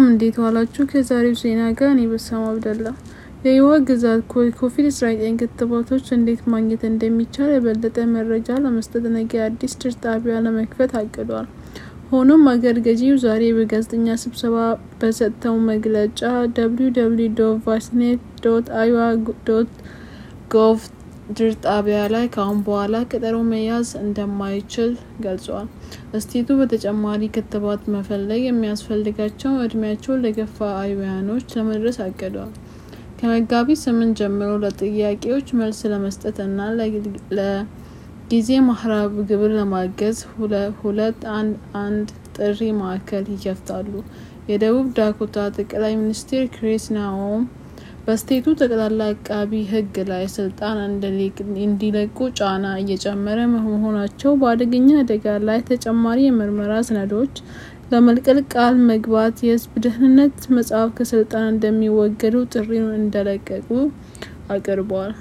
ሰላም እንዴት ዋላችሁ? ከዛሬው ዜና ጋር እኔ በሰማ አብደላ። የይዋ ግዛት ኮቪድ-19 ክትባቶች እንዴት ማግኘት እንደሚቻል የበለጠ መረጃ ለመስጠት ነገ አዲስ ድር ጣቢያ ለመክፈት አቅዷል። ሆኖም አገር ገዢው ዛሬ በጋዜጠኛ ስብሰባ በሰጠው መግለጫ www ቫክሲኔት ዶት አይዋ ዶት ጎቭ ድር ጣቢያ ላይ ከአሁን በኋላ ቀጠሮ መያዝ እንደማይችል ገልጿል። እስቴቱ በተጨማሪ ክትባት መፈለግ የሚያስፈልጋቸው እድሜያቸው ለገፋ አይውያኖች ለመድረስ አቅደዋል። ከመጋቢት ስምንት ጀምሮ ለጥያቄዎች መልስ ለመስጠት እና ለጊዜ ማህራብ ግብር ለማገዝ ሁለት አንድ አንድ ጥሪ ማዕከል ይከፍታሉ። የደቡብ ዳኮታ ጠቅላይ ሚኒስትር ክሪስ ናኦም በስቴቱ ጠቅላላ አቃቢ ሕግ ላይ ስልጣን እንዲለቁ ጫና እየጨመረ መሆናቸው በአደገኛ አደጋ ላይ ተጨማሪ የምርመራ ሰነዶች ለመልቀል ቃል መግባት፣ የህዝብ ደህንነት መጽሐፍ ከስልጣን እንደሚወገዱ ጥሪውን እንደለቀቁ አቅርቧል።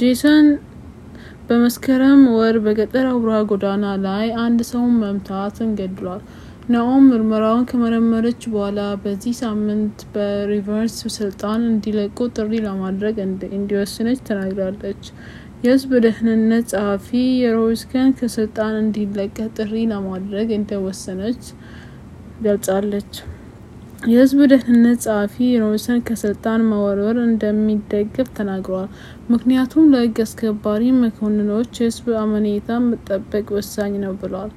ጄሰን በመስከረም ወር በገጠር አውራ ጎዳና ላይ አንድ ሰውን መምታትን ገድሏል። ናኦም ምርመራውን ከመረመረች በኋላ በዚህ ሳምንት በሪቨርስ ስልጣን እንዲለቁ ጥሪ ለማድረግ እንዲወስነች ተናግራለች። የህዝብ ደህንነት ጸሐፊ የሮዝገን ከስልጣን እንዲለቀ ጥሪ ለማድረግ እንደወሰነች ገልጻለች። የህዝብ ደህንነት ጸሐፊ ሮዝን ከስልጣን መወርወር እንደሚደግፍ ተናግሯል። ምክንያቱም ለህግ አስከባሪ መኮንኖች የህዝብ አመኔታ መጠበቅ ወሳኝ ነው ብሏል።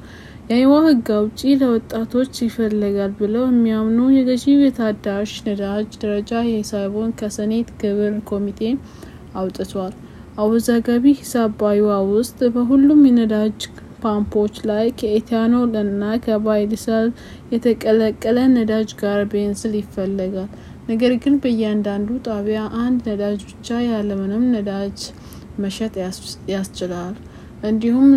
የአይዋ ህግ አውጪ ለወጣቶች ይፈልጋል ብለው የሚያምኑ የገዢ የታዳሽ ነዳጅ ደረጃ የሂሳቡን ከሰኔት ግብር ኮሚቴ አውጥቷል። አወዛጋቢ ሂሳብ በአይዋ ውስጥ በሁሉም የነዳጅ ፓምፖች ላይ ከኢታኖል እና ከባይዲሳል የተቀለቀለ ነዳጅ ጋር ቤንዝል ይፈለጋል። ነገር ግን በእያንዳንዱ ጣቢያ አንድ ነዳጅ ብቻ ያለምንም ነዳጅ መሸጥ ያስችላል። እንዲሁም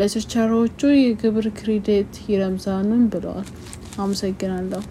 ለችርቻሮቹ የግብር ክሬዲት ይረምዛንም ብለዋል። አመሰግናለሁ።